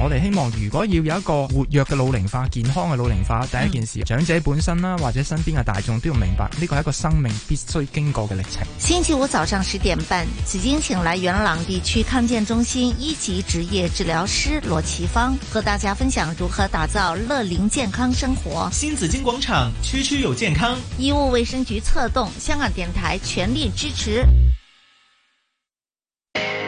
我哋希望，如果要有一個活躍嘅老齡化、健康嘅老齡化，第一件事，嗯、長者本身啦，或者身邊嘅大眾都要明白，呢、這個係一個生命必須經過嘅歷程。星期五早上十點半，紫晶請來元朗地區康健中心一級職業治療師羅奇芳，和大家分享如何打造樂齡健康生活。新紫晶廣場區區有健康，醫務衛生局策動，香港電台全力支持。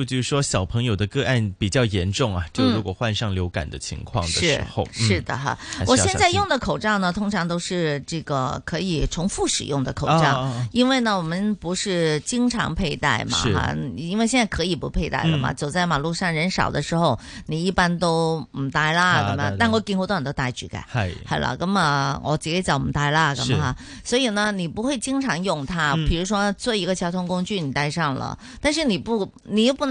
就是說，小朋友的個案比較嚴重啊。就如果患上流感的情況的時候，嗯嗯、是，是的哈。我現在用的口罩呢，通常都是這個可以重複使用的口罩，哦、因為呢，我們不是經常佩戴嘛，哈。因為現在可以不佩戴了嘛、嗯，走在馬路上人少的時候，你一般都唔戴啦，咁、啊、樣、啊。但我見、哎、好多人都戴住嘅，係係啦，咁啊，我自己就唔戴啦，咁啊。所以呢，你不會經常用它，嗯、比如說做一個交通工具，你戴上了、嗯，但是你不，你又不能。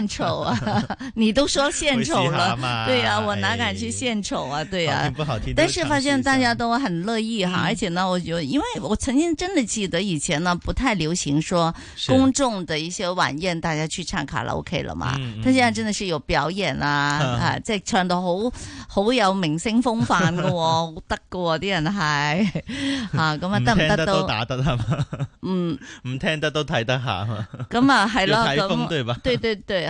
獻醜啊！你都說獻醜了，嘛對呀、啊哎，我哪敢去獻醜啊？對呀、啊，但是發現大家都很樂意哈、嗯，而且呢，我覺得因為我曾經真的記得以前呢，不太流行說公眾的一些晚宴、啊、大家去唱卡拉 OK 了嘛。但、嗯嗯、現在真的是有表演啊，嗯、啊，即係唱到好好有明星風範噶、哦，好得噶，啲人係啊，咁、嗯、啊，聽得都打得係嘛，嗯，唔聽得都睇得下嘛，咁、嗯、啊，係囉、嗯，對對對。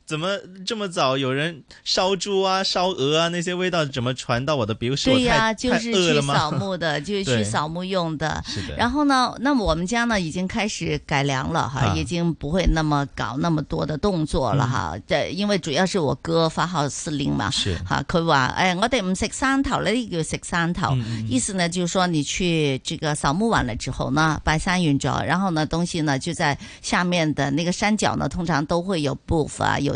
怎麼這麼早有人燒豬啊、燒鵝啊？那些味道怎麼傳到我的鼻？對呀、啊，就是去掃墓的，呵呵就是去掃墓用的、的。然後呢，那麼我們家呢已經開始改良了哈、啊，已經不會那麼搞那麼多的動作了哈。這、嗯、因為主要是我哥發號施令嘛。是哈，佢話誒，我哋唔食山頭咧，你哋要食山頭嗯嗯。意思呢就是說，你去這個掃墓完了之後呢，拜山運走，然後呢東西呢就在下面的那個山腳呢，通常都會有布啊，有。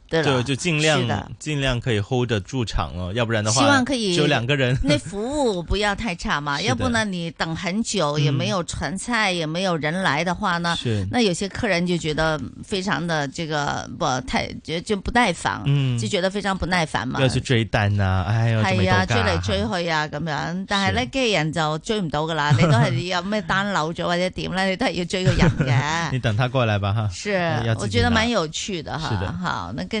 就就盡量盡量可以 hold 得住場哦，要不然的話，希望可以就兩個人。那服務不要太差嘛，要不呢？你等很久、嗯、也沒有傳菜，也沒有人來的話呢？是。那有些客人就覺得非常的這個不太，就就不耐煩，嗯，就覺得非常不耐煩嘛。嗯、要去追單呐、啊，哎呦，追來追去啊，咁、啊、樣。但係呢機器人就追唔到噶啦，你都係有咩單留咗 或者點，咧，你都係要追個養嘅。 你等他過來吧，哈。是，我覺得蠻有趣的哈。是的，好，那跟。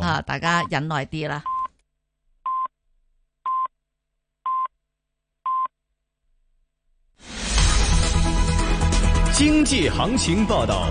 啊，啊！大家忍耐啲啦。經濟行情報道。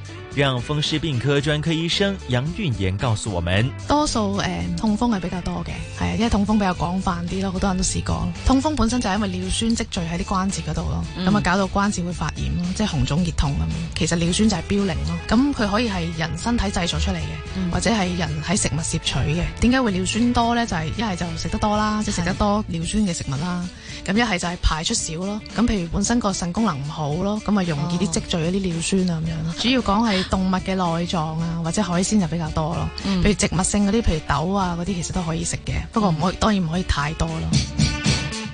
讓風濕病科專科醫生楊俊賢告訴我們。多數誒、呃、痛風係比較多嘅，係啊，因為痛風比較廣泛啲咯，好多人都試過。痛風本身就係因為尿酸積聚喺啲關節嗰度咯，咁、嗯、啊搞到關節會發炎咯，即、就、係、是、紅腫熱痛咁。其實尿酸就係嘌呤咯，咁佢可以係人身體製造出嚟嘅、嗯，或者係人喺食物攝取嘅。點解會尿酸多咧？就係一係就食得多啦，即係食得多尿酸嘅食物啦。咁一係就係排出少咯。咁譬如本身個腎功能唔好咯，咁啊容易啲積聚一啲尿酸啊咁樣、哦。主要講係。動物嘅內臟啊，或者海鮮就比較多咯，嗯。譬如植物性嗰啲，譬如豆啊嗰啲，其實都可以食嘅，不過唔可以，當然唔可以太多咯。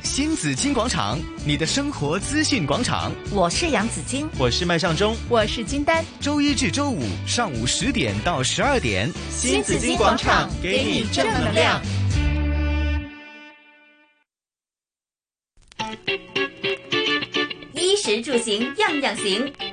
新紫荊廣場，你的生活資訊廣場。我是楊紫晶，我是麥尚中，我是金丹。周一至周五上午十點到十二點，新紫荊廣場給你正能量。衣食住行樣樣行。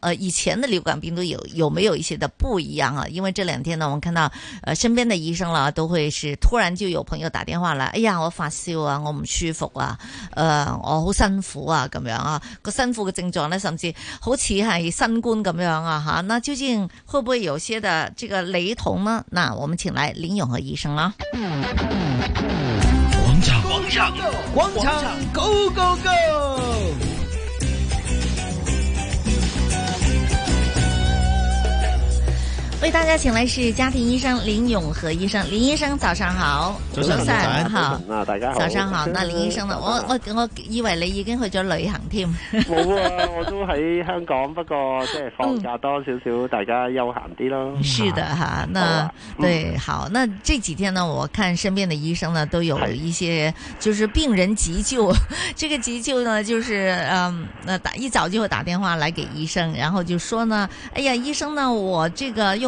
呃，以前的流感病毒有有沒有一些的不一樣啊？因為這兩天呢，我們看到呃身邊的醫生啦，都會是突然就有朋友打電話來，哎呀，我發燒啊，我唔舒服啊，呃，我好辛苦啊，咁樣啊，個辛苦嘅症狀呢，甚至好似係新冠咁樣啊，吓，那究竟會不會有些的這個雷同呢？那我們請來林永和醫生啊。為大家請來是家庭醫生林永和醫生，林醫生，林醫生早上好，早晨好，早上好。早上好，那林醫生呢？我我我以為你已經去咗旅行添。冇 啊，我都喺香港， 不過即係放假多少少，嗯，大家悠閒啲咯。是的哈，啊、那好、啊、對、嗯、好，那這幾天呢，我看身邊的醫生呢，都有一些就是病人急救，這個急救呢，就是嗯，那打一早就會打電話來給醫生，然後就說呢，哎呀，醫生呢，我這個用。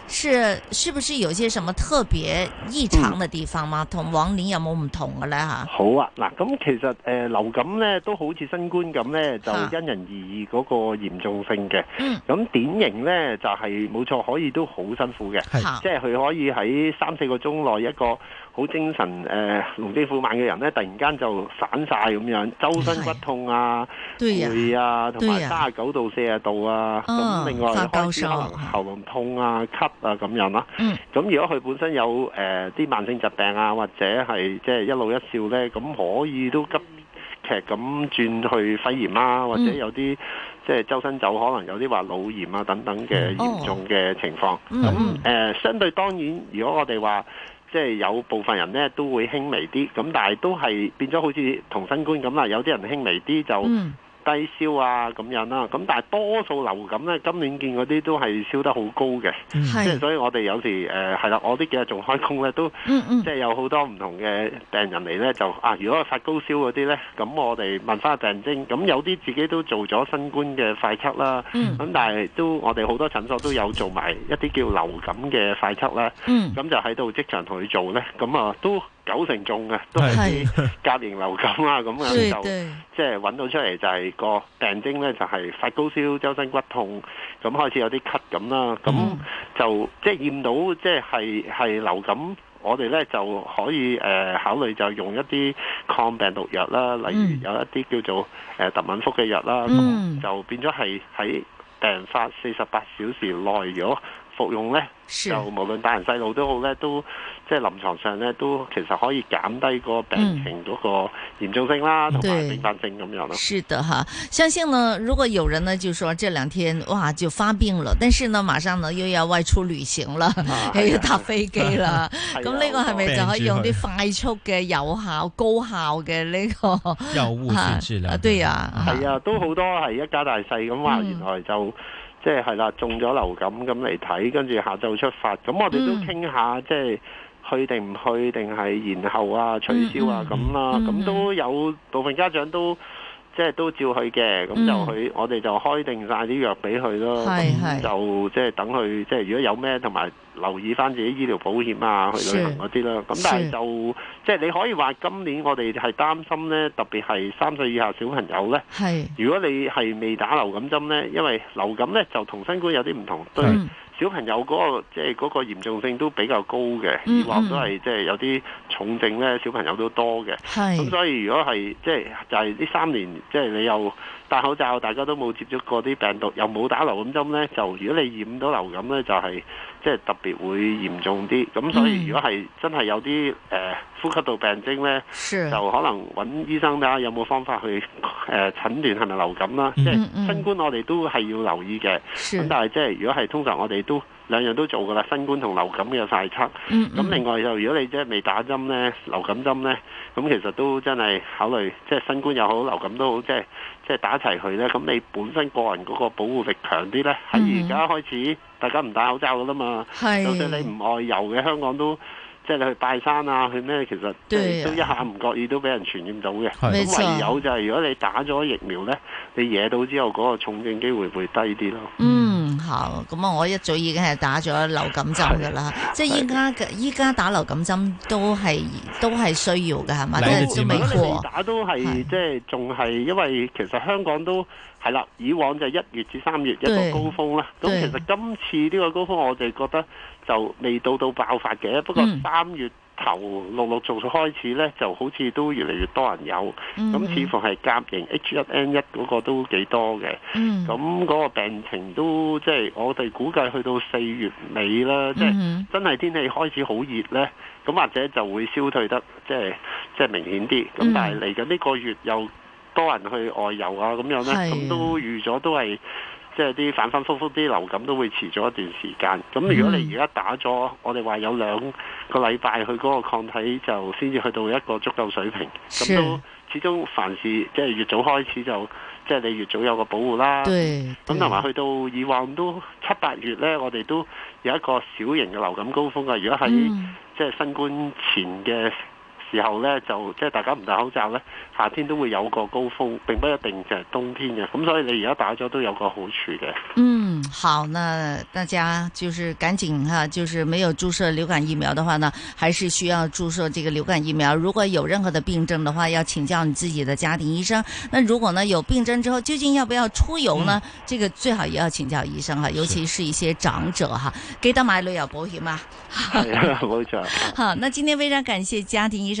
是是不是有些什麼特別異常的地方嗎？嗯、王林有有同往年有冇唔同嘅咧？吓，好啊，嗱，咁其實誒、呃、流感咧都好似新冠咁咧，就因人而異嗰個嚴重性嘅。咁、啊、典型咧就係、是、冇錯可以都好辛苦嘅，即係佢可以喺三四個鐘內一個。好精神、誒、呃，龍精虎猛嘅人咧，突然間就散晒。咁樣，周身骨痛啊、攰啊，同埋三十九到四十度啊，咁、oh, 另外可，可能喉嚨痛啊、咳啊咁樣啦、啊。咁、嗯、如果佢本身有誒啲、呃、慢性疾病啊，或者係即係一老一少咧，咁可以都急劇咁轉去肺炎啊、嗯，或者有啲即係周身走，可能有啲話腦炎啊等等嘅嚴重嘅情況。咁、oh, 誒、嗯呃，相對當然，如果我哋話。即係有部分人咧都會輕微啲，咁但係都係變咗好似同新冠咁啦。有啲人輕微啲就，嗯低燒啊，咁樣啦，咁但係多數流感呢，今年見嗰啲都係燒得好高嘅，即係所以我哋有時誒係啦，我呢幾日仲開工呢，都，嗯嗯、即係有好多唔同嘅病人嚟呢，就啊，如果係發高燒嗰啲呢，咁我哋問翻病徵，咁有啲自己都做咗新冠嘅快測啦，咁、嗯、但係都我哋好多診所都有做埋一啲叫流感嘅快測啦，咁、嗯、就喺度即場同佢做呢，咁啊都。九成重嘅都係啲甲型流感啦，咁啊就即係揾到出嚟就係個病徵咧，就係發高燒、周身骨痛，咁開始有啲咳咁啦，咁就即係驗到即係係流感，我哋咧就可以誒考慮就用一啲抗病毒藥啦，例如有一啲叫做誒特敏福嘅藥啦，咁就變咗係喺病發四十八小時內咗。服用咧，就無論大人細路都好咧，都即係臨床上咧，都其實可以減低個病情嗰個嚴重性啦，同埋併發症咁樣咯。是的哈、啊，相信呢，如果有人呢，就說這兩天哇就發病了，但是呢，馬上呢又要外出旅行啦又、啊啊、要搭飛機啦，咁呢、啊、個係咪就可以用啲快速嘅、有效、高效嘅呢、呢個藥物去治療？對啊，係啊，啊啊都好多係一家大細咁啊，原來就。即係係啦，中咗流感咁嚟睇，跟住下晝出發。咁我哋都傾下，即、嗯、係去定唔去，定係延後啊、取消啊咁啦。咁、嗯啊嗯、都有部分家長都。即係都照佢嘅，咁就佢、嗯、我哋就開定晒啲藥俾佢咯。咁就即係等佢，即係如果有咩同埋留意翻自己醫療保險啊，去旅行嗰啲啦。咁但係就即係你可以話今年我哋係擔心咧，特別係三歲以下小朋友咧。如果你係未打流感針咧，因為流感咧就同新冠有啲唔同。小朋友嗰個即係嗰個嚴重性都比較高嘅，以往都係即係有啲重症呢，小朋友都多嘅。咁所以如果係即係就係呢三年，即係你又戴口罩，大家都冇接觸過啲病毒，又冇打流感針呢，就如果你染到流感呢，就係。即係特別會嚴重啲，咁所以如果係真係有啲誒、呃、呼吸道病徵呢，就可能揾醫生睇下有冇方法去誒、呃、診斷係咪流感啦？嗯嗯，即係新冠，我哋都係要留意嘅。咁但係即係如果係通常我哋都兩樣都做噶啦，新冠同流感嘅快測。咁、嗯嗯、另外就如果你即係未打針呢，流感針呢，咁其實都真係考慮即係新冠又好流感都好，即係即係打齊佢呢。咁你本身個人嗰個保護力強啲呢，喺而家開始。大家唔戴口罩噶啦嘛，係，就算你唔外遊嘅香港都。即係你去拜山啊，去咩？其實都一下唔覺意都俾人傳染到嘅。咁唯有就係如果你打咗疫苗呢，你惹到之後嗰個重症機會會低啲咯。嗯，好。咁啊，我一早已經係打咗流感針噶啦。即係依家，依家打流感針都係都係需要噶，係嘛？都未過。如果你未打都係，即係仲係，因為其實香港都係啦。以往就一月至三月一個高峰啦。咁其實今次呢個高峰，我哋覺得。就未到到爆發嘅，不過三月頭陸陸續續開始呢，就好似都越嚟越多人有，咁、嗯、似乎係甲型、嗯、H1N1 嗰個都幾多嘅，咁、嗯、嗰個病情都即係、就是、我哋估計去到四月尾啦，即、嗯、係、就是、真係天氣開始好熱呢，咁或者就會消退得即係即係明顯啲，咁、嗯、但係嚟緊呢個月又多人去外遊啊，咁樣呢，咁都預咗都係。即係啲反反覆覆啲流感都會遲咗一段時間。咁如果你而家打咗、嗯，我哋話有兩個禮拜，去嗰個抗體就先至去到一個足夠水平。咁、嗯、都始終凡事即係越早開始就即係、即係、你越早有個保護啦。咁同埋去到以往都七八月呢，我哋都有一個小型嘅流感高峰啊。如果係即係新冠前嘅。時候呢，就即係大家唔戴口罩呢，夏天都會有個高峰，並不一定就係冬天嘅。咁所以你而家打咗都有個好處嘅。嗯，好，那大家就是趕緊哈，就是沒有注射流感疫苗的話呢，還是需要注射這個流感疫苗。如果有任何的病症的話，要請教你自己的家庭醫生。那如果呢有病症之後，究竟要不要出遊呢、嗯？這個最好也要請教醫生哈，尤其是一些長者哈，記得買旅遊保險啊。係啊，冇錯。好，那今天非常感謝家庭醫生。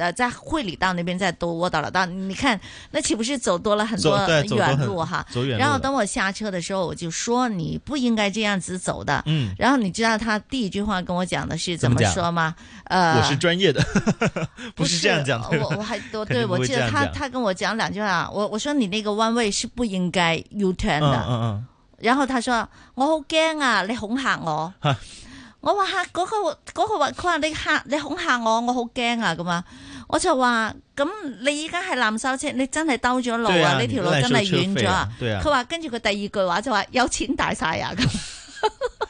呃，在會理道那邊再多臥到了道，你看那豈不是走多了很多走走很遠路哈？走遠路，然後等我下車的時候，我就說你不應該這樣子走的。嗯，然後你知道他第一句話跟我講的是怎麼說嗎？呃，我是專業的， 不是這樣講。 樣講我我還多對我記得他他跟我講兩句話，我我說你那個彎位是不應該 U turn 的。嗯嗯，嗯然後他說我好驚啊，你恐嚇、哦、 我。哈，我話吓，嗰個嗰個話，佢你吓你恐嚇我，我好驚啊，咁啊。我就話：咁你依家係濫收車，你真係兜咗路啊！呢條、啊、路真係遠咗啊！佢話跟住佢第二句話就話：有錢大晒啊！咁。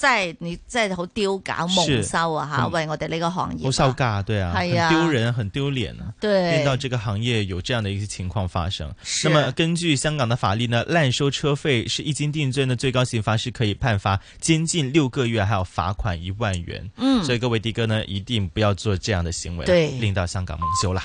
即係你，即係好丟架蒙羞啊！吓，為我哋呢個行業好騷噶，對啊，係啊，丟人、啊，很丟臉啊！令到這個行業有這樣的一些情況發生是。那麼根據香港的法律呢，濫收車費是一經定罪呢，最高刑罰，是可以判罰監禁六個月，還有罰款一萬元。嗯，所以各位的哥呢，一定不要做這樣的行為，對，令到香港蒙羞啦。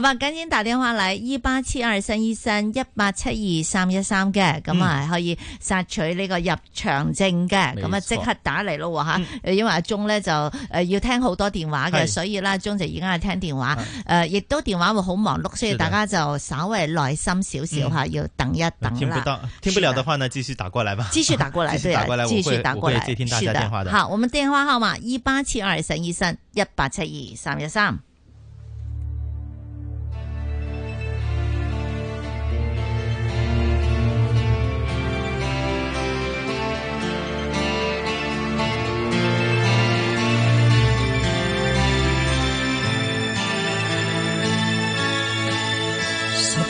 咁啊，趕緊打電話嚟，一八七二三一三一八七二三一三嘅，咁啊可以索取呢個入場證嘅，咁啊即刻打嚟咯吓，因為阿鍾咧就誒、呃、要聽好多電話嘅、嗯，所以啦，鍾就而家係聽電話，誒亦、呃、都電話會好忙碌，所以大家就稍微耐心少少吓，要等一等啦。聽不到，聽不了的話呢，繼續打過來吧。繼續打過來，繼續打過來，我會，我會，我會接聽大家電話嘅。好，我們電話號碼一八七二三一三一八七二三一三。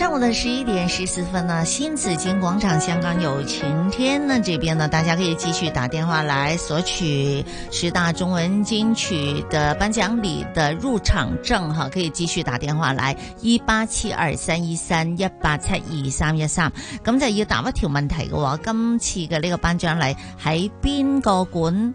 上午的十一點十四分呢，新紫荊廣場，香港有晴天呢，這邊呢，大家可以繼續打電話來索取十大中文金曲的頒獎禮的入場證哈，可以繼續打電話來一八七二三一三一八七二三一三，咁就要答一條問題嘅話，今次嘅呢個頒獎禮喺邊個館？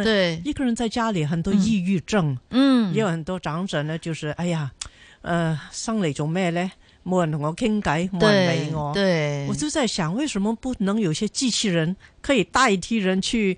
對，一個人在家裏，很多抑鬱症。嗯，也有很多長者呢，就是，嗯、哎呀，誒、呃，生嚟做咩咧？冇人同我傾偈，冇人理我。對，我就在想，為什麼不能有些機器人，可以代替人去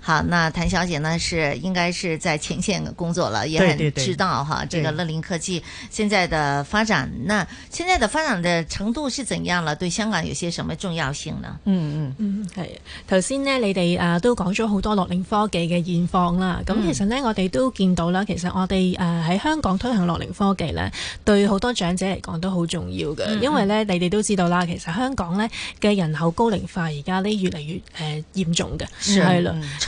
好，那譚小姐呢，是應該是在前線工作了，也很知道對對對哈，這個樂齡科技現在的發展，那現在的發展的程度是怎樣了，對香港有些什麼重要性呢？嗯嗯嗯，係頭先呢，你哋啊都講咗好多樂齡科技嘅現況啦。咁其實呢，嗯、我哋都見到啦，其實我哋誒喺香港推行樂齡科技呢，對好多長者嚟講都好重要嘅，嗯嗯，因為呢，你哋都知道啦，其實香港呢嘅人口高齡化而家呢越嚟越誒嚴、呃、重嘅，係啦。是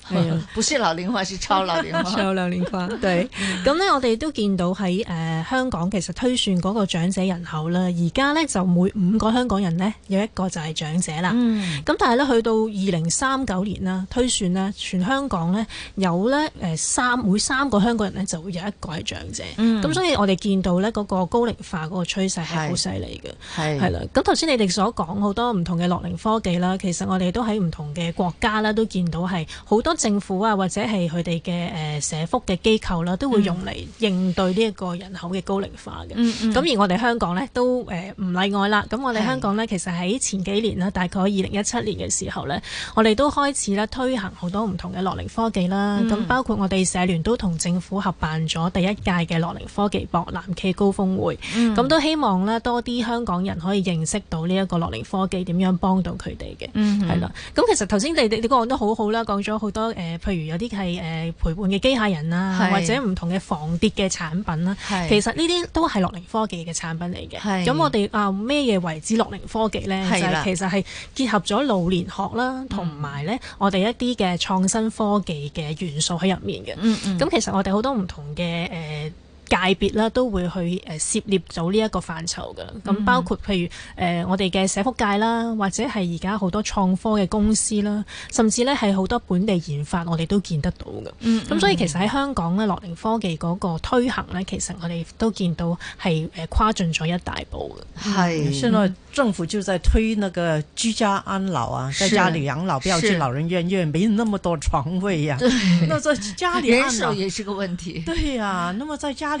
係啊，不是老齡化，是超老齡化。超老齡化，對。咁咧，我哋都見到喺誒香港，其實推算嗰個長者人口啦。而家咧就每五個香港人咧有一個就係長者啦。咁、嗯、但係咧，去到二零三九年啦，推算啦全香港咧有咧誒三每三個香港人咧就會有一個係長者。咁、嗯、所以我哋見到咧嗰個高齡化嗰個趨勢係好犀利嘅。係。啦。咁頭先你哋所講好多唔同嘅樂齡科技啦，其實我哋都喺唔同嘅國家啦，都見到係好多。政府啊，或者係佢哋嘅誒社福嘅機構啦、啊，都會用嚟應對呢一個人口嘅高齡化嘅。咁、mm -hmm. 而我哋香港咧都誒唔例外啦。咁我哋香港咧其實喺前幾年啦，大概二零一七年嘅時候咧，我哋都開始啦推行好多唔同嘅樂齡科技啦。咁、mm -hmm. 包括我哋社聯都同政府合辦咗第一屆嘅樂齡科技博覽暨高峰會，咁、mm -hmm. 都希望咧多啲香港人可以認識到呢一個樂齡科技點樣幫到佢哋嘅。嗯、mm、嗯 -hmm.。係啦。咁其實頭先你你你講得好好啦，講咗好多。誒、呃，譬如有啲係誒陪伴嘅機械人啊，或者唔同嘅防跌嘅產品啦、啊，其實呢啲都係樂齡科技嘅產品嚟嘅。咁我哋啊咩嘢為之樂齡科技咧？就是、其實係結合咗老年學啦，同埋咧我哋一啲嘅創新科技嘅元素喺入面嘅。咁其實我哋好多唔同嘅誒、呃界別啦，都會去誒涉獵咗呢一個範疇嘅，咁、嗯、包括譬如誒、呃、我哋嘅社福界啦，或者係而家好多創科嘅公司啦，甚至呢係好多本地研發，我哋都見得到嘅。咁、嗯、所以其實喺香港咧、嗯，樂齡科技嗰個推行呢，其實我哋都見到係誒跨進咗一大步嘅。係、嗯，現在政府就在推那個居家安老啊，在家裏養老，不、嗯、要住老人院，院，因為沒那麼多床位呀、啊。對，那在家裏人手也是個問題。對啊。那麼在家裡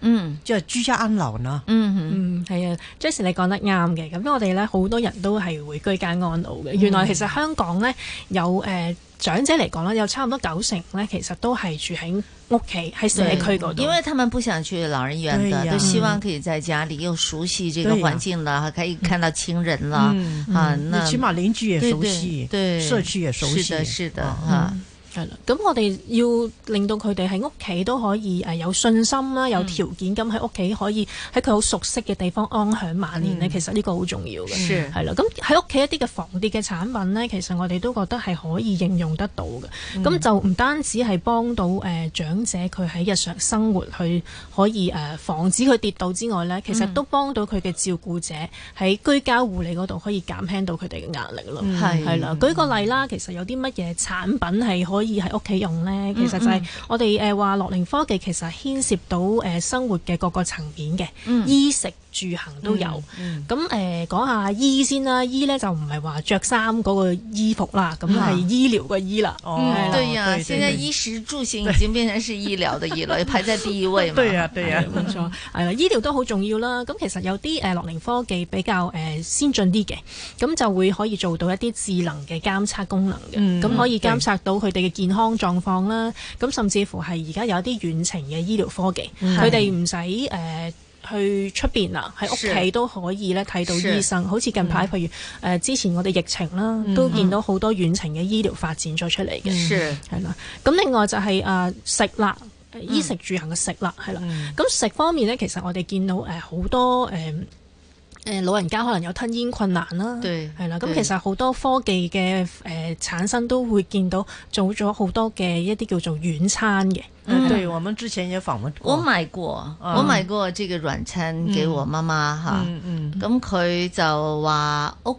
嗯，即係居家安老咯。嗯嗯，係啊，Jas，你講得啱嘅。咁我哋咧好多人都係會居家安老嘅。原來其實香港咧有誒、呃、長者嚟講啦，有差唔多九成咧，其實都係住喺屋企喺社區嗰度。因為佢哋唔想住老人院嘅、嗯。都希望可以在家裏，又熟悉這個環境啦，可以看到親人啦、嗯嗯。啊，起碼鄰居也熟悉，對，對，對社區也熟悉。是的，是的啊嗯。咁我哋要令到佢哋喺屋企都可以誒、呃、有信心啦，有條件咁喺屋企可以喺佢好熟悉嘅地方安享晚年咧，嗯。其實呢個好重要嘅，係、嗯、啦。咁喺屋企一啲嘅防跌嘅產品咧，其實我哋都覺得係可以應用得到嘅。咁、嗯、就唔單止係幫到誒、呃、長者佢喺日常生活去可以誒、呃、防止佢跌倒之外咧，嗯，其實都幫到佢嘅照顧者喺居家護理嗰度可以減輕到佢哋嘅壓力咯。係、嗯、啦，舉個例啦，其實有啲乜嘢產品係可以。而喺屋企用咧，其實就係我哋誒話，樂齡科技其實牽涉到誒生活嘅各個層面嘅衣、嗯、食、住行都有，咁、嗯、誒、嗯呃、講一下醫先啦。醫咧就唔係話着衫嗰個衣服啦，咁、嗯、係醫療個醫啦、嗯。哦，對啊，而家衣食住行已經變成是醫療嘅醫啦 排在第一位嘛。對啊，對啊，冇、啊、錯。醫療都好重要啦。咁其實有啲誒樂齡科技比較、呃、先進啲嘅，咁就會可以做到一啲智能嘅監測功能嘅，咁、嗯、可以監察到佢哋嘅健康狀況啦。咁、嗯 okay、甚至乎係而家有啲遠程嘅醫療科技，佢哋唔使誒。去出面啦，喺屋企都可以咧睇到醫生，好似近排、嗯，譬如誒、呃、之前我哋疫情啦、嗯，都見到好多遠程嘅醫療發展咗出嚟嘅，係、嗯、啦。咁另外就係、是、誒、呃、食啦，衣食住行嘅食啦，係啦。咁、嗯、食方面咧，其實我哋見到誒好、呃、多誒。呃誒老人家可能有吞嚥困難啦，係啦，咁其實好多科技嘅誒、呃、產生都會見到做咗好多嘅一啲叫做軟餐嘅。嗯，對，我們之前有訪問過我買過、嗯，我買過這個軟餐給我媽媽嚇。嗯咁佢、嗯嗯、就話、嗯、屋。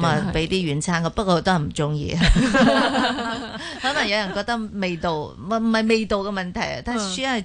咁、嗯、啊，俾啲軟餐嘅，不過我都係唔中意。 可能有人覺得味道唔唔係味道嘅問題，但係主要係、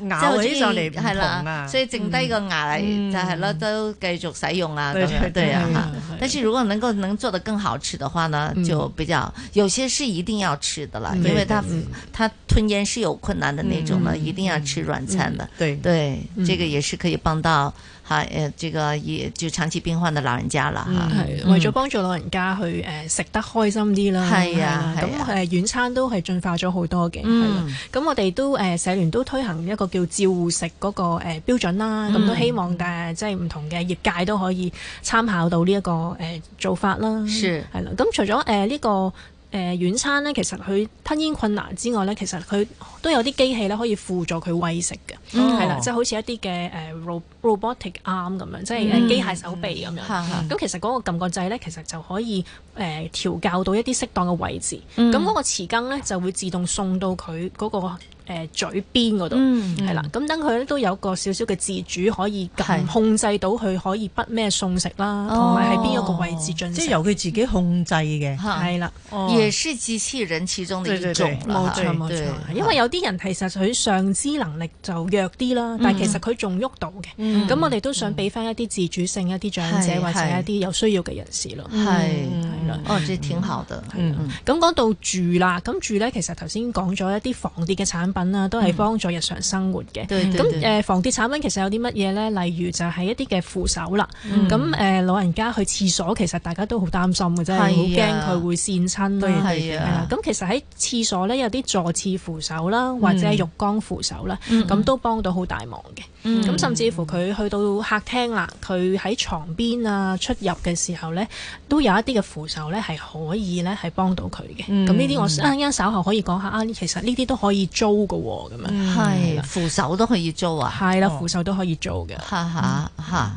嗯、牙嚟、啊。縮係啦，所以剩低個牙嚟，就係咯，都繼續使用啊。嗯、咁樣，對對啊，但是如果能夠能做得更好吃嘅話呢，就比較、嗯、有些是一定要吃的啦，因為他他吞咽是有困難的那種呢，嗯、一定要吃軟餐的。嗯、對對、嗯，這個也是可以幫到。係、啊、誒，這個也就長期病患的老人家啦吓，係、嗯、為咗幫助老人家去誒食、呃、得開心啲啦。係啊，咁誒、啊，軟、啊呃、餐都係進化咗好多嘅，咁、嗯啊、我哋都誒、呃、社聯都推行一個叫照護食嗰、那個誒、呃、標準啦。咁、嗯、都希望誒即係唔同嘅業界都可以參考到呢、這、一個誒、呃、做法啦。是係啦。咁、啊、除咗誒呢個。誒、呃、軟餐咧，其實佢吞咽困難之外咧，其實佢都有啲機器咧，可以輔助佢餵食嘅，係、嗯、啦，哦、即係好似一啲嘅誒、呃、robotic arm 咁樣，嗯、即係機械手臂咁樣。咁、嗯、其實嗰個撳個掣咧，其實就可以誒、呃、調校到一啲適當嘅位置。咁、嗯、嗰個匙羹咧就會自動送到佢嗰、那個。誒、呃、嘴邊嗰度係啦，咁等佢都有個少少嘅自主，可以控制到佢可以不咩餸食啦，同埋喺邊一個位置進食、哦，即係由佢自己控制嘅係啦。也是機器人其中的一種啦，冇錯冇錯。因為有啲人其實佢上肢能力就弱啲啦、嗯，但係其實佢仲喐到嘅。咁、嗯、我哋都想俾翻一啲自主性、嗯、一啲長者或者一啲有需要嘅人士咯。係係、嗯、啦，哦、嗯，這挺好嘅。係啦，咁講到住啦，咁住咧其實頭先講咗一啲房啲嘅防跌嘅產品。對品啦，都係幫助日常生活嘅。咁、嗯、誒，防跌、呃、產品其實有啲乜嘢咧？例如就係一啲嘅扶手啦。咁、嗯、誒、呃，老人家去廁所，其實大家都好擔心嘅，真係好驚佢會跣親。係啊。咁、啊呃、其實喺廁所咧，有啲座廁扶手啦，或者浴缸扶手啦，咁、嗯、都幫到好大忙嘅。嗯嗯咁、嗯、甚至乎佢去到客廳啦，佢喺床邊啊出入嘅時候咧，都有一啲嘅扶手咧係可以咧係幫到佢嘅。咁呢啲我啱啱稍後可以講下啊，其實呢啲都可以租㗎喎，咁樣係扶手都可以租啊，係啦，扶手都可以租嘅，哈哈哈。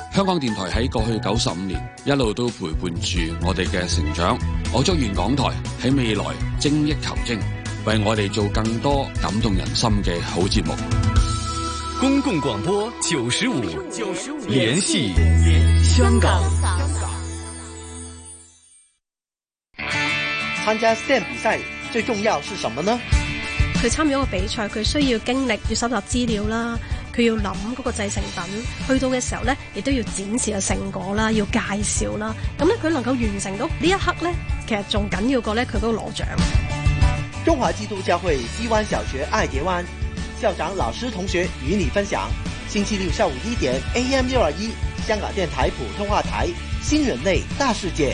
香港電台喺過去九十五年一路都陪伴住我哋嘅成長，我祝願港台喺未來精益求精，為我哋做更多感動人心嘅好節目。公共廣播九十五，九十五，聯繫香港。參加 STEM 比賽最重要是什麼呢？佢參與一個比賽，佢需要經歷要收集資料啦。佢要諗嗰個製成品，去到嘅時候咧，亦都要展示下成果啦，要介紹啦。咁、嗯、咧，佢能夠完成到呢一刻咧，其實仲緊要過咧佢都攞獎。中華基督教會基灣小學愛蝶灣校長老師同學與你分享，星期六下午一點 A.M. 六二一，香港電台普通話台《新人類大世界》。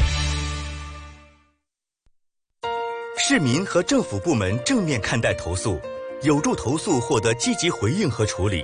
市民和政府部門正面看待投訴，有助投訴獲得積極回應和處理。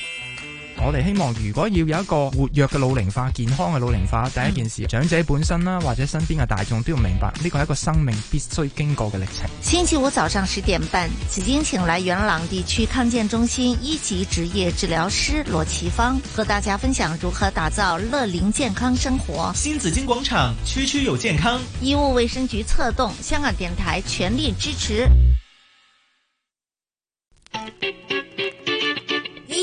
我哋希望，如果要有一個活躍嘅老齡化、健康嘅老齡化，第一件事，長者本身啦，或者身邊嘅大眾都要明白，呢個係一個生命必須經過嘅歷程。星期五早上十點半，紫晶請來元朗地區康健中心一級職業治療師羅奇芳，和大家分享如何打造樂齡健康生活。新紫金廣場，區區有健康，醫務衛生局策動，香港電台全力支持。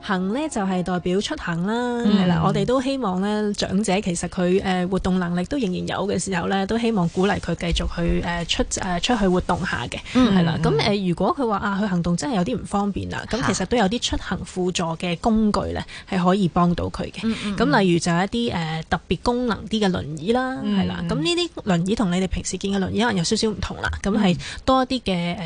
行咧就係代表出行啦，係、嗯、啦，我哋都希望咧長者其實佢誒活動能力都仍然有嘅時候咧，都希望鼓勵佢繼續去誒出誒出，出去活動下嘅，係、嗯、啦。咁誒、嗯嗯嗯嗯、如果佢話啊佢行動真係有啲唔方便啦，咁、嗯、其實都有啲出行輔助嘅工具咧係可以幫到佢嘅。咁、嗯嗯、例如就係一啲誒、呃、特別功能啲嘅輪椅啦，係、嗯、啦。咁呢啲輪椅同你哋平時見嘅輪椅可能有少少唔同啦。咁、嗯、係多啲嘅誒誒，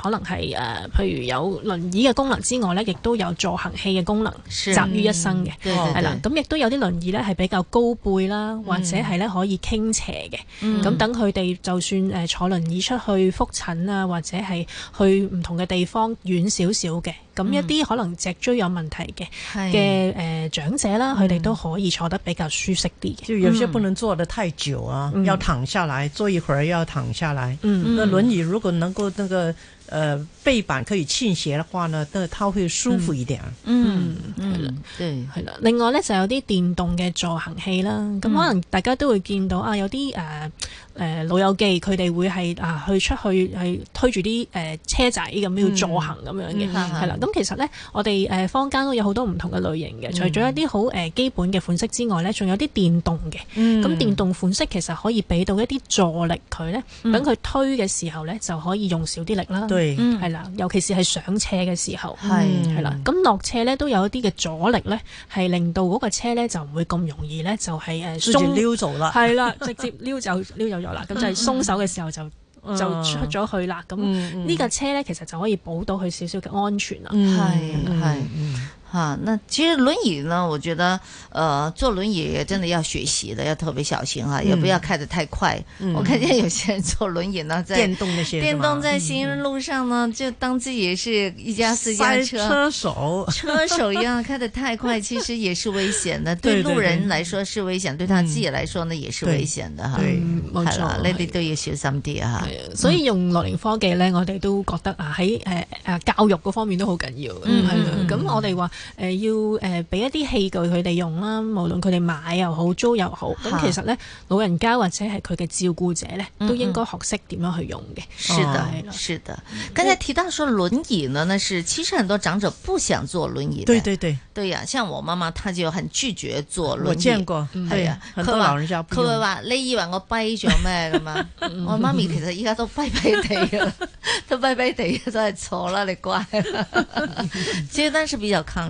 可能係誒、呃、譬如有輪椅嘅功能之外咧，亦都有助。行氣嘅功能、嗯、集於一身嘅，係啦，咁、嗯、亦都有啲輪椅咧，係比較高背啦，或者係咧可以傾斜嘅，咁等佢哋就算誒坐輪椅出去復診啊，或者係去唔同嘅地方遠少少嘅，咁、嗯、一啲可能脊椎有問題嘅嘅誒長者啦，佢哋都可以坐得比較舒適啲。嘅。就有些不能坐得太久啊，嗯、要躺下來、嗯，坐一會兒要躺下來。嗯，那輪椅如果能夠、那個。誒、呃，背板可以傾斜的話呢，都它會舒服一點。嗯，係、嗯、啦、嗯，對，係啦。另外咧就有啲電動嘅助行器啦，咁、嗯、可能大家都會見到啊，有啲誒。呃誒、呃、老友記，佢哋會係啊去出去去推住啲誒車仔，咁要助行咁樣嘅，係、嗯、啦。咁、嗯、其實咧，我哋誒坊間都有好多唔同嘅類型嘅、嗯，除咗一啲好誒基本嘅款式之外咧，仲有啲電動嘅。咁、嗯、電動款式其實可以俾到一啲助力佢咧，等、嗯、佢推嘅時候咧就可以用少啲力啦。係、嗯、啦、嗯，尤其是係上車嘅時候，係係啦。咁落車咧都有一啲嘅阻力咧，係令到嗰個車咧就唔會咁容易咧就係、是、誒。溜咗啦，係啦，直接溜走。溜 走。咁就係鬆手嘅時候就、嗯、就出咗去啦。咁呢架車咧，其實就可以保到佢少少嘅安全啦。係、係、嗯。哈、啊，那其實輪椅呢，我覺得，呃，坐輪椅也真的要學習的、嗯，要特別小心哈，也不要開得太快。嗯、我看見有些人坐輪椅呢，電動那些，電動在行人路上呢，就當自己是一家私家車，車手，車手一樣，開得太快， 其實也是危險的，對路人來說是危險，對他自己來說呢，也是危險的哈、嗯。對，係啦，呢啲都要小心啲啊，所以用樂齡科技呢，我哋都覺得啊，喺誒誒教育嗰方面都好緊要，係、嗯、啦，咁、嗯嗯嗯嗯嗯、我哋話。誒、呃、要誒俾、呃、一啲器具佢哋用啦，無論佢哋買又好租又好，咁、嗯、其實咧老人家或者係佢嘅照顧者咧、嗯，都應該學識點樣去用嘅。係啦，係啦。剛、哦、才提到說、嗯、輪椅咧，呢是其實很多長者不想坐輪椅。對，對對對，對呀、啊，像我媽媽，她就很拒絕坐輪椅。我、哦、見、嗯、啊，很多老人家佢會佢會話，你以為我跛咗咩㗎嘛？ 我媽咪其實依家都跛跛地啦， 都跛跛地都係坐啦，你怪。即係當時比較坑。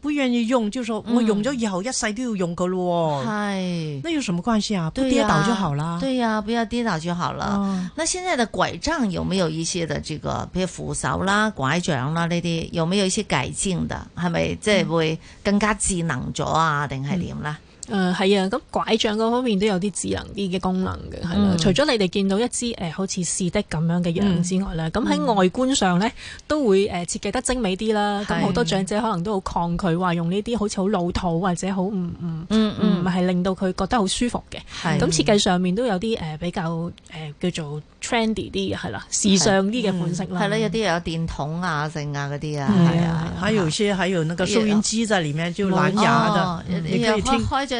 不願意用就是，說我用咗以後，嗯，一世都要用噶咯，係，那有什麼關係啊？不跌倒就好啦。對呀，啊啊，不要跌倒就好啦，哦，那現在的拐杖有沒有一些的這個譬如扶手啦、拐杖啦呢啲，有沒有一些改進的？係咪即係會更加智能咗啊？定係點咧？嗯誒、嗯、係啊，咁拐杖嗰方面都有啲智能啲嘅功能嘅、嗯啊，除咗你哋見到一支、呃、好似士的咁樣嘅樣之外啦，咁、嗯、喺外觀上咧、嗯、都會誒、呃、設計得精美啲啦。咁好多長者可能都好抗拒話用呢啲好似好老土或者好唔唔唔係令到佢覺得好舒服嘅。咁、嗯、設計上面都有啲、呃、比較、呃、叫做 trendy 啲係啦，時尚啲嘅款式啦。係啦，有啲有電筒啊、剩啊嗰啲啊，係啊。還有一些、啊、還有那個收音機在裡面，啊、就藍牙的，哦啊啊、你可以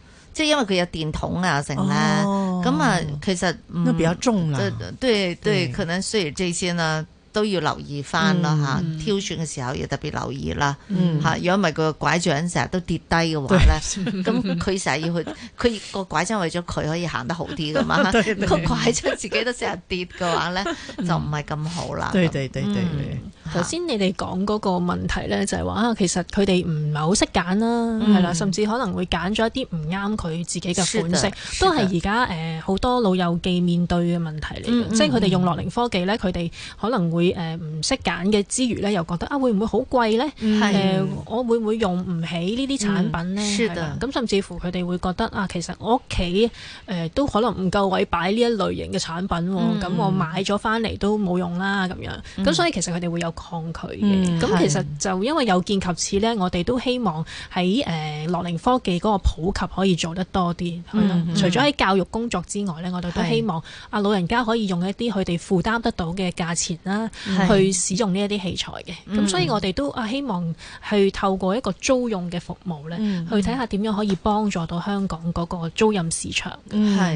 即係因為佢有電筒啊成啦，咁、哦、啊其實都、嗯、比較重啦，對對，對可能所以，這些呢。都要留意翻咯嚇，挑選嘅時候要特別留意啦嚇、嗯。如果唔係個拐杖成日都跌低嘅話咧，咁佢成日要去，佢 個拐杖為咗佢可以行得好啲噶嘛。個 拐杖自己都成日跌嘅話咧， 就唔係咁好啦。對對對對，頭、嗯、先你哋講嗰個問題咧，就係話啊，其實佢哋唔係好識揀啦，係、嗯、啦，甚至可能會揀咗一啲唔啱佢自己嘅款式，是是都係而家誒好多老友記面對嘅問題嚟嘅、嗯、即係佢哋用樂齡科技咧，佢哋可能會，會誒唔識揀嘅之餘咧，又覺得啊，會唔會好貴咧？誒、嗯呃，我會唔會用唔起呢啲產品咧？咁、嗯、甚至乎佢哋會覺得啊，其實我屋企誒都可能唔夠位擺呢一類型嘅產品，咁、嗯嗯、我買咗翻嚟都冇用啦咁樣。咁、嗯、所以其實佢哋會有抗拒嘅。咁、嗯、其實就因為有見及此咧，我哋都希望喺誒、呃、樂齡科技嗰個普及可以做得多啲、嗯嗯嗯嗯。除咗喺教育工作之外咧，我哋都希望阿老人家可以用一啲佢哋負擔得到嘅價錢啦。嗯、去使用呢一啲器材嘅，咁、嗯、所以我哋都啊希望去透過一個租用嘅服務咧、嗯，去睇下點樣可以幫助到香港嗰個租賃市場，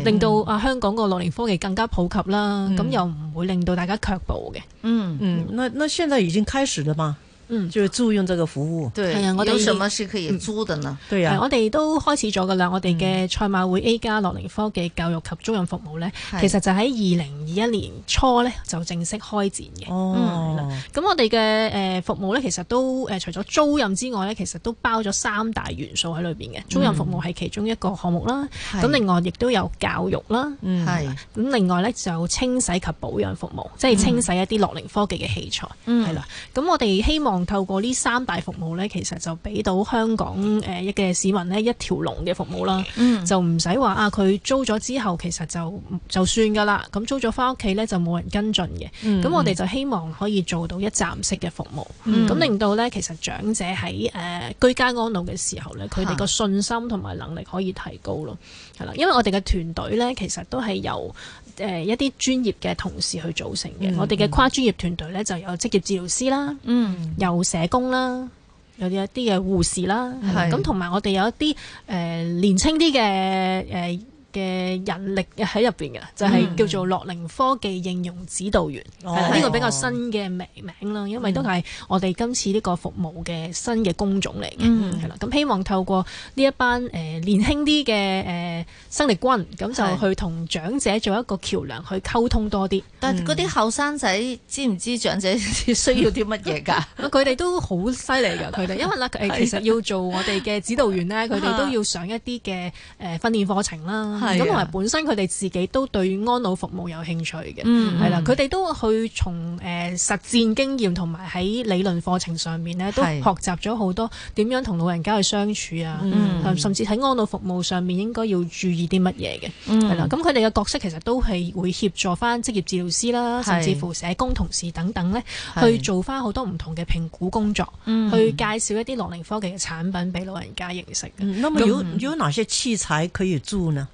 令到啊香港個樂齡科技更加普及啦。咁、嗯、又唔會令到大家卻步嘅。嗯嗯，那那現在已經開始了嘛？嗯，就要租、是、用這個服務。對，係啊，我哋有什麼是可以租的呢？嗯、對啊，啊我哋都開始咗噶啦，我哋嘅賽馬會 A 加樂齡科技教育及租賃服務咧，其實就喺二零二一年初咧就正式開展嘅。哦，咁我哋嘅誒服務咧，其實都誒、呃、除咗租賃之外咧，其實都包咗三大元素喺裏邊嘅、嗯。租賃服務係其中一個項目啦。咁另外亦都有教育啦。嗯，係。咁另外咧就清洗及保養服務，嗯、即係清洗一啲樂齡科技嘅器材。嗯，係啦。咁我哋希望。透過呢三大服務咧，其實就俾到香港誒一嘅市民咧一條龍嘅服務啦，mm. 就唔使話啊佢租咗之後其實就就算㗎啦，咁租咗返屋企咧就冇人跟進嘅，咁、mm. 我哋就希望可以做到一站式嘅服務，咁、mm. 令到咧其實長者喺誒、呃、居家安老嘅時候咧，佢哋個信心同埋能力可以提高咯，係、啊、啦，因為我哋嘅團隊咧其實都係由誒、呃、一啲專業嘅同事去組成嘅，mm. 我哋嘅跨專業團隊咧就有職業治療師啦，嗯、mm.。有社工啦，有一有，有一啲嘅護士啦，咁同埋我哋有一啲誒年青啲嘅誒。呃嘅人力喺入邊嘅，就係、是、叫做樂齡科技應用指導員，呢、嗯、個比較新嘅名名啦、哦，因為都係我哋今次呢個服務嘅新嘅工種嚟嘅，係、嗯、啦。咁希望透過呢一班誒、呃、年輕啲嘅誒生力軍，咁就去同長者做一個橋樑，去溝通多啲、嗯。但係嗰啲後生仔知唔知長者需要啲乜嘢㗎？佢 哋 都好犀利㗎，佢哋因為，咧其實要做我哋嘅指導員咧，佢哋都要上一啲嘅誒訓練課程啦。咁同埋本身佢哋自己都對安老服務有興趣嘅，係啦、嗯嗯，佢哋都去從、呃、實戰經驗同埋喺理論課程上面咧，都學習咗好多點樣同老人家去相處啊，嗯嗯甚至喺安老服務上面應該要注意啲乜嘢嘅，係啦、嗯嗯。咁佢哋嘅角色其實都係會協助翻職業治療師啦，甚至乎社工同事等等咧，去做翻好多唔同嘅評估工作，嗯嗯去介紹一啲樂齡科技嘅產品俾老人家認識嘅、嗯。那麼有，那有哪些器材可以租呢？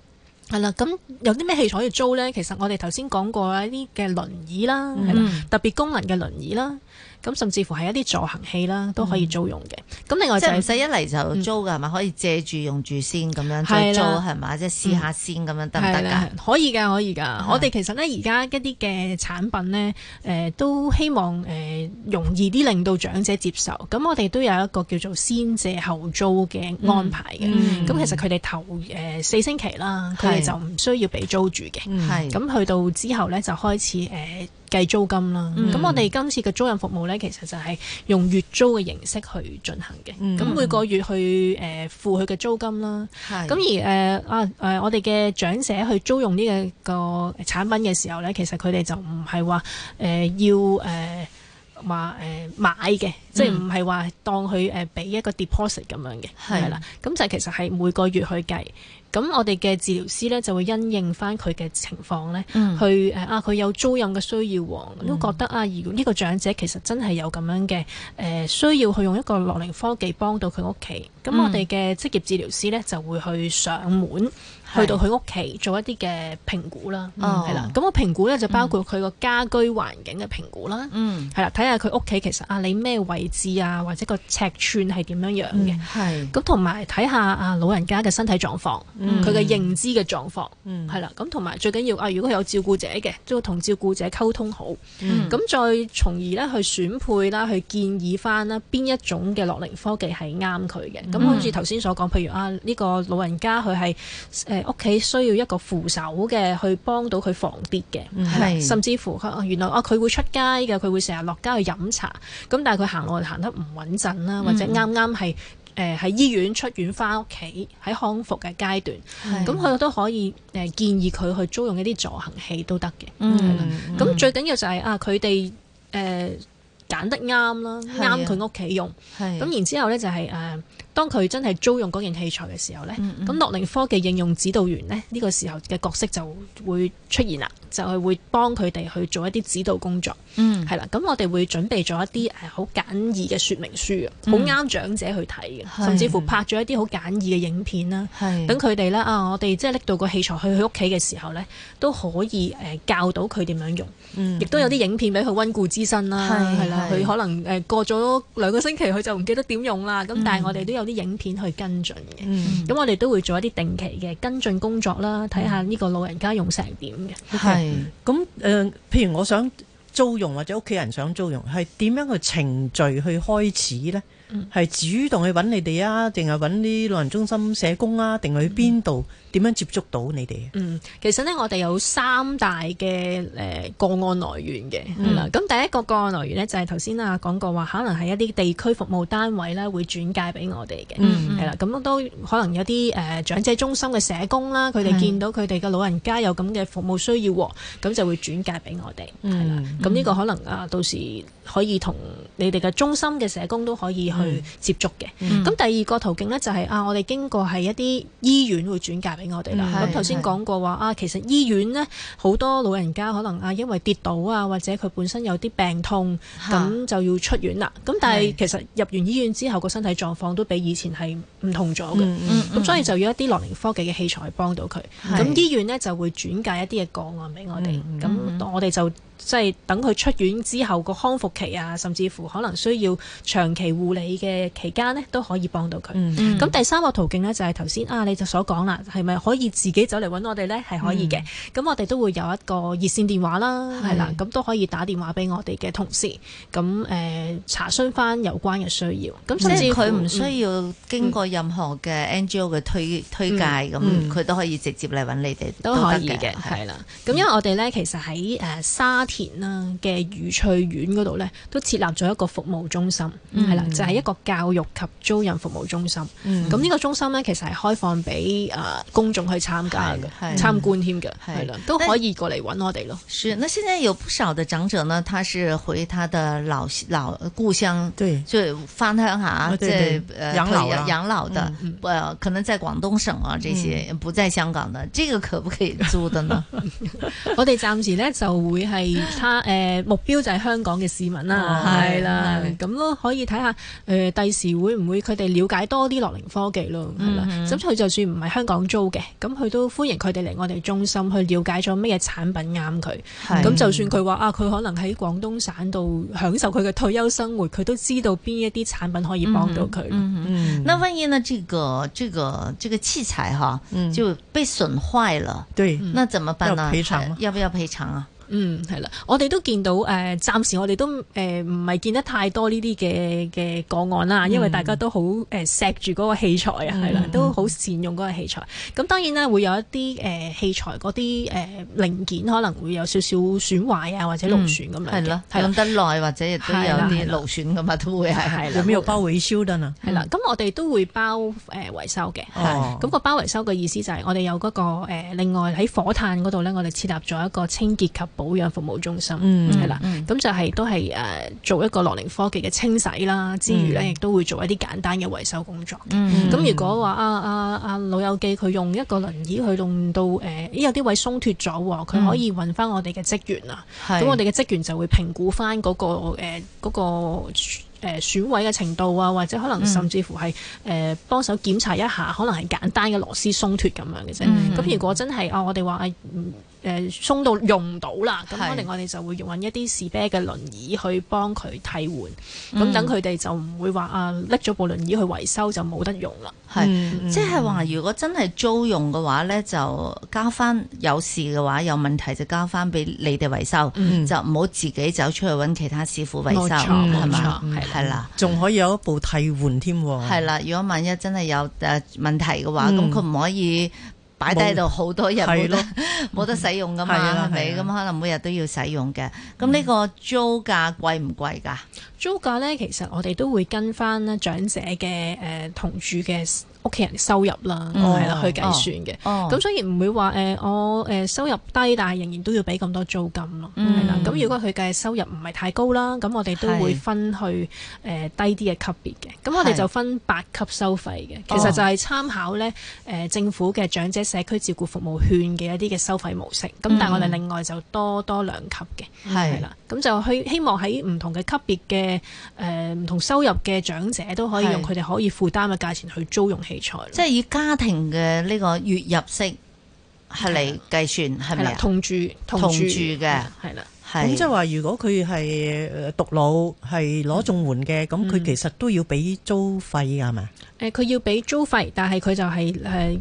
係啦，咁有啲咩器材可以租咧？其實我哋頭先講過一啲嘅輪椅啦、嗯，係啦，特別功能嘅輪椅啦。咁甚至乎係一啲助行器啦，都可以租用嘅。咁、嗯、另外、就是、即係唔使一嚟就租噶，係、嗯、嘛？可以借住用住先咁樣再租係嘛？即係、就是、試下先咁樣得唔得？可以㗎，可以㗎。我哋其實咧而家一啲嘅產品咧、呃，都希望、呃、容易啲令到長者接受。咁我哋都有一個叫做先借後租嘅安排嘅。咁、嗯嗯、其實佢哋頭四、呃、星期啦，佢哋就唔需要俾租住嘅。咁、嗯、去到之後咧，就開始、呃.計租、嗯租、租、嗯呃、租金啦，咁我哋今次嘅租賃服務咧，其實就係用月租嘅形式去進行嘅，咁、呃呃呃嗯呃、每個月去付佢嘅租金啦。咁而啊我哋嘅長者去租用呢個產品嘅時候咧，其實佢哋就唔係話要誒話買嘅，即係唔係話當佢畀俾一個 deposit 咁樣嘅係啦。咁就其實係每個月去計。咁我哋嘅治療師呢，就會因應翻佢嘅情況呢、嗯、去啊佢有租賃嘅需要，都覺得啊、嗯，如果呢個長者其實真係有咁樣嘅、呃、需要，去用一個樂齡科技幫到佢屋企。咁、嗯、我哋嘅職業治療師呢，就會去上門。嗯去到佢屋企做一啲嘅評估啦，啦、哦，咁、那個評估咧就包括佢個家居環境嘅評估啦，係、嗯、啦，睇下佢屋企其實啊你咩位置啊或者個尺寸係點樣樣嘅，咁同埋睇下啊老人家嘅身體狀況，佢、嗯、嘅認知嘅狀況，係、嗯、啦，咁同埋最緊要啊如果佢有照顧者嘅，都要同照顧者溝通好，咁、嗯、再從而咧去選配啦，去建議翻啦邊一種嘅樂齡科技係啱佢嘅，咁好似頭先所講，譬如啊呢、這個老人家佢係誒屋企需要一個扶手嘅，去幫到佢防跌嘅，甚至乎原來啊，佢會出街嘅，佢會成日落街去飲茶，咁但係佢行落去行得唔穩陣啦，或者啱啱係誒喺醫院出院翻屋企，喺康復嘅階段，咁佢都可以誒、呃、建議佢去租用一啲助行器都可以的、嗯嗯的啊呃、得嘅，咁最緊要就係啊佢哋誒揀得啱啦，啱佢屋企用，咁、啊啊、然之後呢就係、是、誒。呃當佢真係租用嗰件器材嘅時候呢，咁樂齡科技應用指導員呢，呢、呢個時候嘅角色就會出現啦，就係會幫佢哋去做一啲指導工作，係、嗯、啦。咁我哋會準備咗一啲好簡易嘅說明書，好啱長者去睇、嗯、甚至乎拍咗一啲好簡易嘅影片啦。等佢哋咧啊，我哋即係拎到個器材去佢屋企嘅時候呢，都可以誒、呃、教到佢點樣用，亦、嗯嗯、都有啲影片俾佢温故知新啦，係、嗯、啦。佢可能誒過咗兩個星期，佢就唔記得點用啦。咁、嗯、但係我哋都有。有啲影片去跟進嘅，咁、嗯、我哋都會做一啲定期嘅跟進工作啦，睇下呢個老人家用成點嘅。係，咁、okay? 誒、呃，譬如我想租用或者屋企人想租用，係點樣嘅程序去開始呢？係主動去揾你哋啊，定係揾啲老人中心社工啊，定係去邊度點樣接觸到你哋？嗯，其實呢，我哋有三大嘅誒、呃、個案來源嘅，啦、嗯。咁第一個個案來源呢，就係頭先啊講過話，可能係一啲地區服務單位呢會轉介俾我哋嘅，啦、嗯。咁都可能有啲誒、呃、長者中心嘅社工啦，佢哋見到佢哋嘅老人家有咁嘅服務需要，咁就會轉介俾我哋，係、嗯、啦。咁呢個可能、嗯、啊，到時可以同你哋嘅中心嘅社工都可以。去接觸嘅，咁、嗯、第二個途徑呢、就是，就係啊，我哋經過係一啲醫院會轉介俾我哋啦。咁頭先講過話啊，其實醫院呢，好多老人家可能啊，因為跌倒啊，或者佢本身有啲病痛，咁就要出院啦。咁但係其實入完醫院之後，個身體狀況都比以前係唔同咗嘅。咁、嗯嗯嗯、所以就要一啲樂齡科技嘅器材去幫到佢。咁醫院呢，就會轉介一啲嘅個案俾我哋。咁、嗯嗯、我哋就。即、就、係、是、等佢出院之後個康復期啊，甚至乎可能需要長期護理嘅期間咧，都可以幫到佢。咁、嗯、第三個途徑咧就係頭先啊，你就所講啦，係咪可以自己走嚟揾我哋咧？係可以嘅。咁、嗯、我哋都會有一個熱線電話啦，係啦，咁都可以打電話俾我哋嘅同事，咁、嗯、誒、呃、查詢翻有關嘅需要。咁甚至佢唔需要經過任何嘅 NGO 嘅推、嗯、推介，咁、嗯、佢、嗯、都可以直接嚟揾你哋，都可以嘅，係啦。咁因為我哋咧，其實喺誒、呃、沙。田啊嘅愉翠苑嗰度咧，都設立咗一個服務中心，係、嗯、啦，就係、是、一個教育及租賃服務中心。咁、嗯、呢個中心咧，其實係開放俾誒、呃、公眾去參加嘅，參觀添嘅，係啦，都可以過嚟揾我哋咯。算，啦，現在有不少嘅長者啦，他是回他的老老故鄉，即係翻鄉下、啊、對對對在誒養老養、啊、老的、嗯嗯，可能在廣東省啊這些不在香港的、嗯，這個可不可以租的呢？ 我哋暫時咧就會係。他誒、呃、目標就係香港嘅市民啦、啊，係、哦、啦，咁咯可以睇下誒，第、呃、時會唔會佢哋了解多啲樂齡科技咯，係、嗯、啦。咁佢就算唔係香港租嘅，咁佢都歡迎佢哋嚟我哋中心去了解咗咩產品啱佢。咁就算佢話啊，佢可能喺廣東省度享受佢嘅退休生活，佢都知道邊一啲產品可以幫到佢、嗯。嗯，那萬一呢？呢個這個、這個、這個器材哈、嗯，就被損壞了，對，那怎麼辦呢？要賠償、啊、要不要賠償啊？嗯，係啦，我哋都見到誒、呃，暫時我哋都誒唔係見得太多呢啲嘅嘅個案啦、嗯，因為大家都好誒錫住嗰個器材啊，係啦、嗯，都好善用嗰個器材。咁當然啦，會有一啲誒、呃、器材嗰啲、呃、零件可能會有少少損壞啊，或者勞損咁樣。係啦，係諗得耐或者亦都有啲勞損咁啊，都會係。係啦。會唔會有包維修㗎？係、嗯、啦，咁我哋都會包誒、呃、維修嘅。係、哦。咁、那個包維修嘅意思就係、是、我哋有嗰、那個、呃、另外喺火炭嗰度咧，我哋設立咗一個清潔及保養服務中心係啦，咁、嗯嗯、就係都係誒，做一個樂齡科技嘅清洗啦，之餘咧亦都會做一啲簡單嘅維修工作咁、嗯、如果話阿阿阿老友記佢用一個輪椅去用到誒，咦、呃、有啲位鬆脫咗，佢可以搵翻我哋嘅職員啊。咁、嗯、我哋嘅職員就會評估翻、那、嗰個誒嗰、呃那個誒損毀嘅程度啊，或者可能甚至乎係誒幫手檢查一下，可能係簡單嘅螺絲鬆脫咁樣嘅啫。咁、嗯、如果真係啊、呃，我哋話嗯。呃誒、呃、鬆到用唔到啦，咁可能我哋就會用一啲士啤嘅輪椅去幫佢替換，咁等佢哋就唔會話啊拎咗部輪椅去維修就冇得用啦。係、嗯，即係話如果真係租用嘅話呢，就交翻有事嘅話，有問題就交翻俾你哋維修，嗯、就唔好自己走出去揾其他師傅維修，係咪？係啦，仲可以有一部替換添。係啦，如果萬一真係有誒問題嘅話，咁佢唔可以。擺低喺度好多日冇得，得，得使用噶嘛，係咪咁可能每日都要使用嘅？咁呢個租價貴唔貴㗎、嗯？租價咧，其實我哋都會跟翻咧長者嘅誒、呃、同住嘅。屋企人收入啦，係、嗯、啦，去計算嘅。咁、哦、所以唔會話、呃、我、呃、收入低，但係仍然都要俾咁多租金咯。係啦，咁、嗯、如果佢嘅收入唔係太高啦，咁、嗯、我哋都會分去、呃、低啲嘅級別嘅。咁我哋就分八級收費嘅，其實就係參考咧、哦呃、政府嘅長者社區照顧服務券嘅一啲嘅收費模式。咁、嗯、但係我哋另外就多多兩級嘅，係啦。咁就去希望喺唔同嘅級別嘅，誒、呃，唔同收入嘅長者都可以用佢哋可以負擔嘅價錢去租用器材，是即係以家庭嘅呢個月入息係嚟計算，係咪同住同住嘅，係啦。咁即係話如果佢係獨老係攞綜援嘅，咁佢其實都要俾租費噶嘛？誒、嗯，佢要俾租費、呃，但係佢就係、是、係。是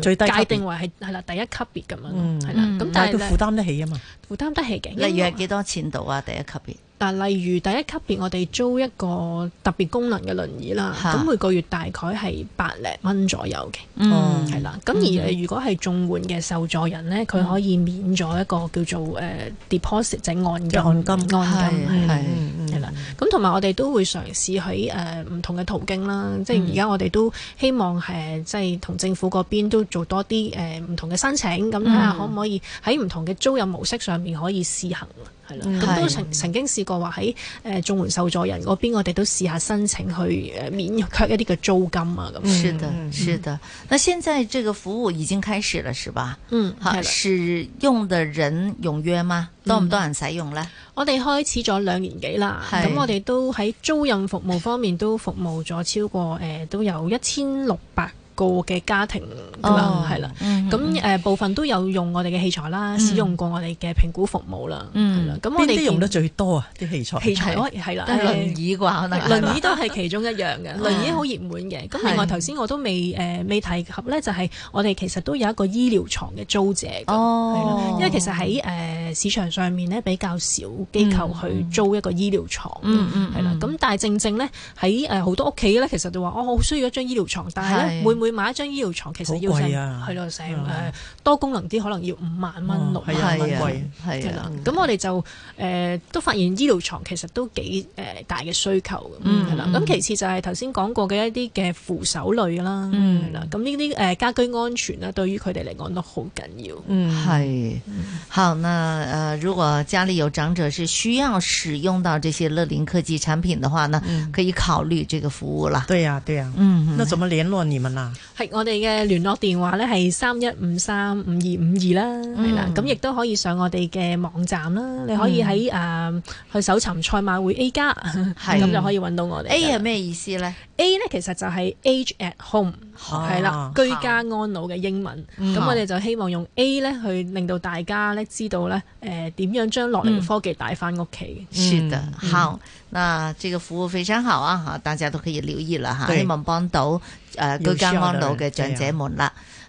最低界定為係啦，第一級別咁樣，係、嗯、啦，咁但係佢負擔得起啊嘛，負擔得起嘅。例如係幾多錢度啊？第一級別。嗱，例如第一級別我哋租一個特別功能嘅輪椅啦，咁每個月大概係百零蚊左右嘅。嗯，係啦。咁、嗯、而如果係綜援嘅受助人咧，佢、嗯、可以免咗一個叫做誒、uh, deposit 整按金。按金係啦。咁同埋我哋都會嘗試喺誒唔同嘅途徑啦、嗯，即係而家我哋都希望誒即係同政府嗰邊都做多啲誒唔同嘅申請，咁睇下可唔可以喺唔同嘅租賃模式上面可以試行。係、嗯、啦，咁、嗯、都曾曾經試過話喺誒綜援受助人嗰邊，我哋都試下申請去誒免卻一啲嘅租金啊咁。是的、嗯嗯，是的。那現在這個服務已經開始了，是吧？嗯，使用的人踴躍嗎？多唔多人使用咧、嗯？我哋開始咗兩年幾啦，咁我哋都喺租賃服務方面都服務咗超過誒、呃、都有一千六百。個嘅家庭噶嘛係啦，咁、哦、誒、嗯、部分都有用我哋嘅器材啦、嗯，使用過我哋嘅評估服務啦，係啦，咁我哋都用得最多啊啲、嗯、器材，器材係啦，輪椅啩，輪椅都係其中一樣嘅，輪、啊、椅好熱門嘅。咁另外頭先我都未誒、呃、未提及咧，就係、是、我哋其實都有一個醫療床嘅租借哦，係咯，因為其實喺誒。呃市場上面咧比較少機構去租一個醫療床。係、嗯、啦。咁但係正正咧喺誒好多屋企咧，其實就話、哦、我好需要一張醫療床。但係咧每每買一張醫療床，其實要係咯，成、啊、多功能啲可能要五萬蚊六萬蚊貴嘅啦。咁、哦、我哋就誒、呃、都發現醫療床其實都幾誒大嘅需求，係、嗯、啦。咁其次就係頭先講過嘅一啲嘅扶手類啦，咁呢啲誒家居安全啦，對於佢哋嚟講都好緊要，嗯係行啊。呃、如果家裏有長者是需要使用到這些樂齡科技產品的話呢，嗯、可以考慮這個服務啦。對呀、啊，對呀、啊。嗯，那怎麼聯絡你們呢、啊、係我哋嘅聯絡電話呢係三一五三五二五二啦。係、嗯、啦，咁亦都可以上我哋嘅網站啦。嗯、你可以喺誒、呃、去搜尋賽馬會 A 加，咁、嗯、 是 就可以搵到我哋。A 係咩意思呢？A 咧其實就係 Age at Home 係、哦、啦，居家安老嘅英文。咁、嗯、我哋就希望用 A 咧去令到大家咧知道咧，誒、呃、點樣將樂齡嘅科技帶翻屋企。是的，好，嗱、嗯，那這個服務非常好啊，嚇大家都可以留意啦，嚇，希望幫到誒居家安老嘅長者們啦。